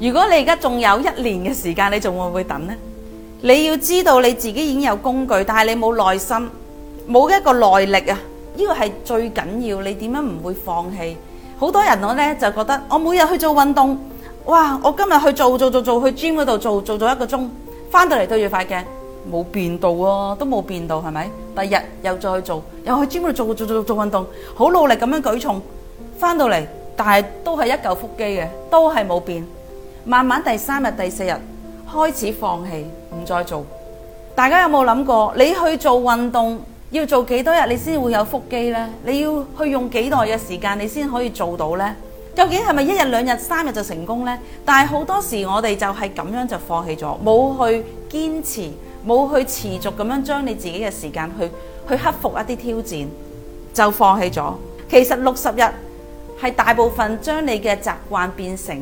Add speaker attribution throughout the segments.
Speaker 1: 如果你而家仲有一年嘅時間，你仲會唔會等呢？你要知道你自己已經有工具，但係你冇耐心，冇一個耐力啊！呢個係最緊要，你點樣唔會放棄？好多人我呢，就覺得，我每日去做運動，哇！我今日去做做做做去 gym 嗰度做做咗一個鐘，翻到嚟對住塊鏡冇變到喎、啊，都冇變到係咪？第日又再去做，又去 gym 度做做做做運動，好努力咁樣舉重，翻到嚟但係都係一嚿腹肌嘅，都係冇變。慢慢第三日第四日開始放棄，唔再做，大家有冇諗過？你去做運動要做幾多日你先會有腹肌咧？你要去用幾耐嘅時間你先可以做到咧？究竟係咪一日兩日三日就成功咧？但係好多時我哋就係咁樣就放棄咗，冇去堅持，冇去持續咁樣將你自己嘅時間去去克服一啲挑戰就放棄咗。其實六十日。係大部分將你嘅習慣變成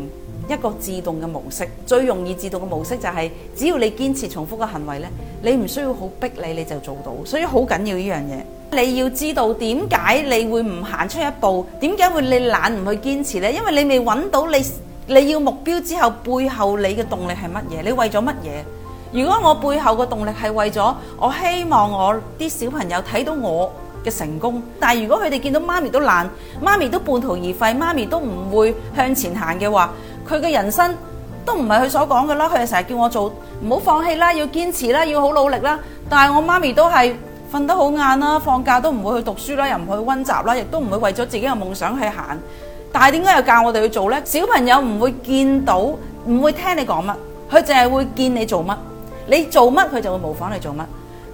Speaker 1: 一個自動嘅模式，最容易自動嘅模式就係只要你堅持重複嘅行為呢，你唔需要好逼你你就做到，所以好緊要呢樣嘢。你要知道點解你會唔行出一步，點解會你懶唔去堅持呢？因為你未揾到你你要目標之後背後你嘅動力係乜嘢？你為咗乜嘢？如果我背後嘅動力係為咗我希望我啲小朋友睇到我嘅成功，但係如果佢哋見到媽咪都懶，媽咪都半途而廢，媽咪都唔會向前行嘅話，佢嘅人生都唔係佢所講嘅啦。佢哋成日叫我做唔好放棄啦，要堅持啦，要好努力啦。但係我媽咪都係瞓得好晏啦，放假都唔會去讀書啦，又唔去温習啦，亦都唔會為咗自己嘅夢想去行。但係點解又教我哋去做呢？小朋友唔會見到，唔會聽你講乜，佢淨係會見你做乜，你做乜佢就會模仿你做乜。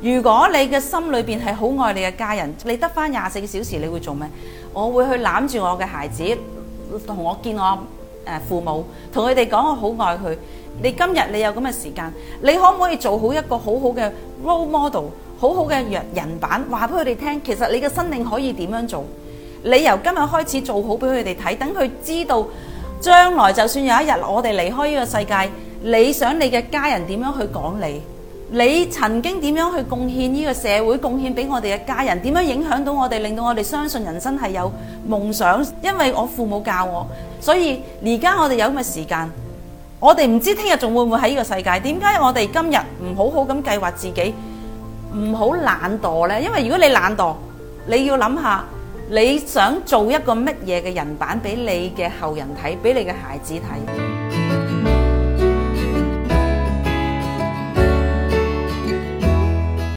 Speaker 1: 如果你嘅心裏邊係好愛你嘅家人，你得翻廿四小時，你會做咩？我會去攬住我嘅孩子，同我見我父母，同佢哋講我好愛佢。你今日你有咁嘅時間，你可唔可以做好一個好好嘅 role model，好好嘅人人版話俾佢哋聽？其實你嘅生命可以點樣做？你由今日開始做好俾佢哋睇，等佢知道將來就算有一日我哋離開呢個世界，你想你嘅家人點樣去講你？你曾經點樣去貢獻呢個社會，貢獻俾我哋嘅家人？點樣影響到我哋，令到我哋相信人生係有夢想？因為我父母教我，所以而家我哋有咁嘅時間，我哋唔知聽日仲會唔會喺呢個世界？點解我哋今日唔好好咁計劃自己，唔好懶惰呢？因為如果你懶惰，你要諗下你想做一個乜嘢嘅人版俾你嘅後人睇，俾你嘅孩子睇。